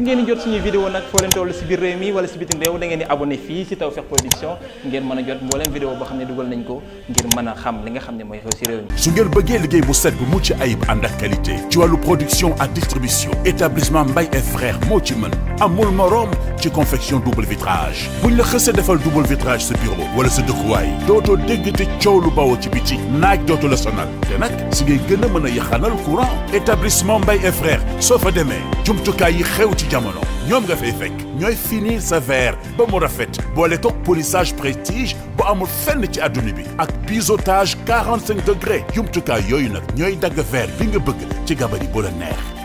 ngir ngeen di jot suñuy vidéo nag foo leen toll si biir réew mi wala si bitim réew da di abonné fii si Tawfekh Production ngeen mën a jot mbooleem vidéo boo xam ne dugal nañ ko ngir mën a xam li nga xam ne mooy xew si réew mi su ngeen bëggee liggéey bu set bu mucc ayib ànd ak qualité ci wàllu production ak distribution établissement Mbaye et frères moo ci mën amul morom ci confection double vitrage buñ la xësee defal double vitrage sa bureau wala sa dëkkuwaay dootoo dégg te coow lu bawoo ci ci naaj dootu la sonal te nag si ngay gën a mën a yaxanal courant établissement Mbaye et frères soo fa demee jumtukaay yi xew ci jamono ñoom nga fay fekk ñooy finir sa verre ba mu rafet boole toog polissage prestige bu amul fenn ci adduna bi ak biseautage 45 degrés jumtukaay yooyu nag ñooy dagg verre bi nga bëgg ci gabari bu la neex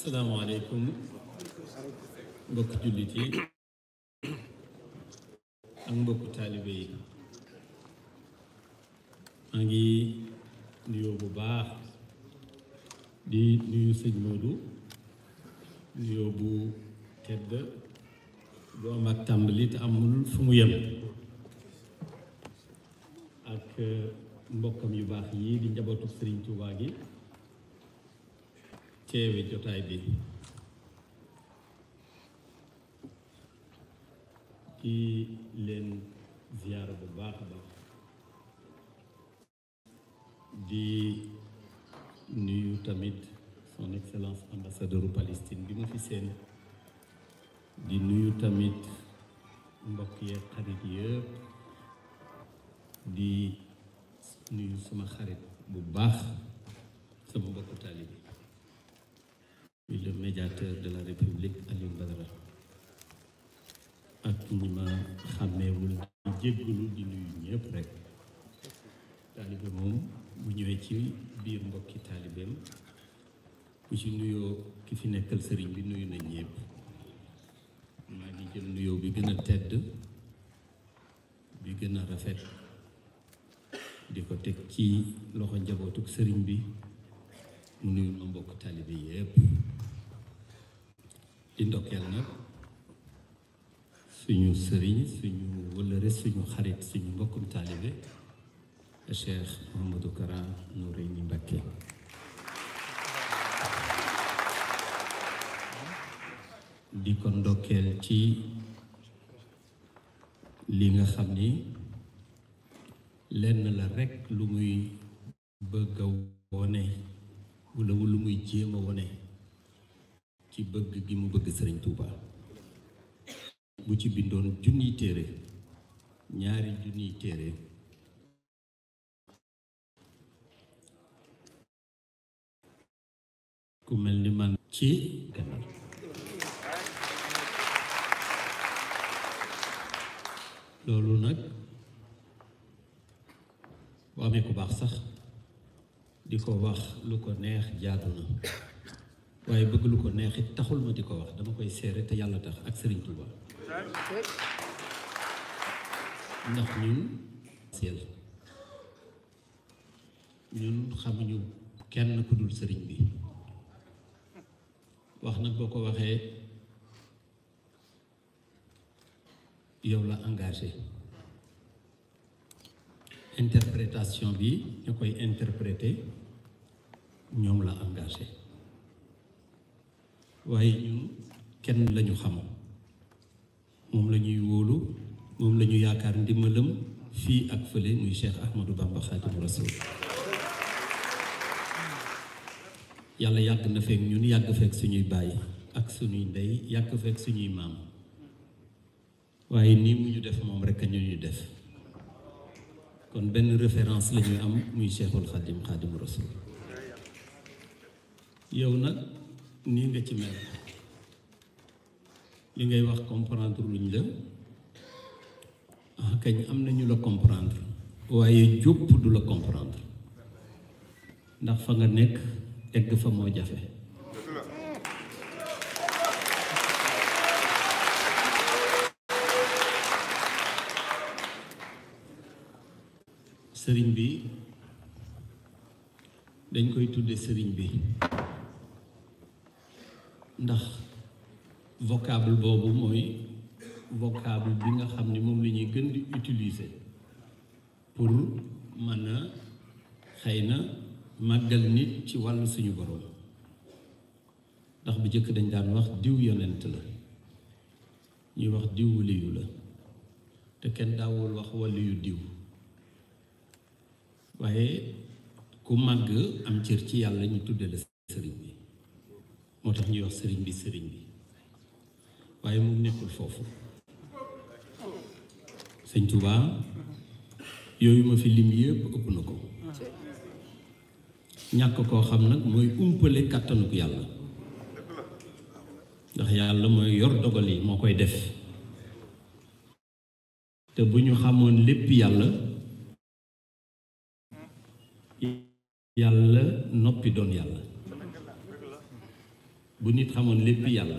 asalaamaaleykum mbokk jullit yi ak mbokk taalibe yi maa ngi nuyoo bu baax di nuyu bu tedd bu am ak tàmbali te amul fu mu yem ak euh, mbokkam yu baax yi di njabootu Sëriñ Tuubaa gi teewe jotaay bi ci leen ziyaara bu baax a di nuyu tamit son excellence ambassadeur Palestine bi ma fi seen di nuyu tamit mbokk yeeg xarit yëpp di nuyu sama xarit bu baax sama mbokku taalibi et médiateur de la République Alioune Badara ak ñi ma xàmmeewul di jéggulu di nuyu ñëpp rek taalibe moom bu ñëwee ci biir mbokki taalibeem bu ci nuyoo ki fi nekkal sëriñ bi nuyu na ñëpp maa ngi jël nuyoo bi gën a tedd bi gën a rafet di ko teg ci loxo njabootuk sëriñ bi mu ma mbokk taalibe yëpp di ndokkeel nag suñu sëriñ suñu wëllëre suñu xarit suñu mbokkum taalibe Cheikh Mouhamadou Kara Noreyni Mbacké di ko ndokkeel ci li nga xam ni lenn la rekk lu muy bëgg a wone wala lu muy jéem wone ci bëgg gi mu bëgg sëriñ Touba bu ci bindoon junniy téere ñaari junniy téere ku mel ni man ci gannaaw loolu nag bu amee ku baax sax di ko wax lu ko neex jaadu waaye bëgg lu ko neex it taxul ma di ko wax dama koy seere te yàlla tax ak Serigne Touba ndax ñun seel ñun xamuñu kenn ku dul sëriñ bi wax nag boo ko waxee yow la engagé interprétation bi ñu koy interprété ñoom la engagé waaye ñun kenn lañu xam moom la ñuy wóolu moom la ñu yaakaar ndimbalam fii ak fële muy Cheikh Ahmadou Bamba Xaadimu Rasuul yàlla yàgg na feek ñun yàgg feek suñuy bàyyi ak suñuy ndey yàgg feek suñuy maam waaye nii mu ñu def moom rek a ñu ñu def kon benn référence la ñuy am muy Cheikhul Xaadim Xaadimu Rasuul yow nag nii nga ci mel li ngay wax comprendre luñ la ah kañ am na ñu la comprendre waaye jópp du la comprendre ndax fa nga nekk egg fa moo jafe sëriñ bi dañ koy tudde sëriñ bi ndax vocable boobu mooy vocable bi nga xam ni moom lañuy gën di utiliser pour mën na xëy na màggal nit ci wàll suñu borom ndax bu jëkk dañ daan wax diw yonent la ñuy wax diw waliyu la te kenn daawul wax waliyu diw waaye ku màgg am cër ci yàlla ñu tudde la sëriñ bi moo tax ñuy wax sëriñ bi sëriñ bi waaye moom nekkul foofu sëñ Tuubaa yooyu ma fi lim yëpp ëpp na ko ñàkk koo xam nag mooy umpale kàttanuk yàlla ndax yàlla mooy yor dogal yi moo koy def te bu ñu xamoon lépp yàlla yàlla noppi doon yàlla bu nit xamoon lépp yàlla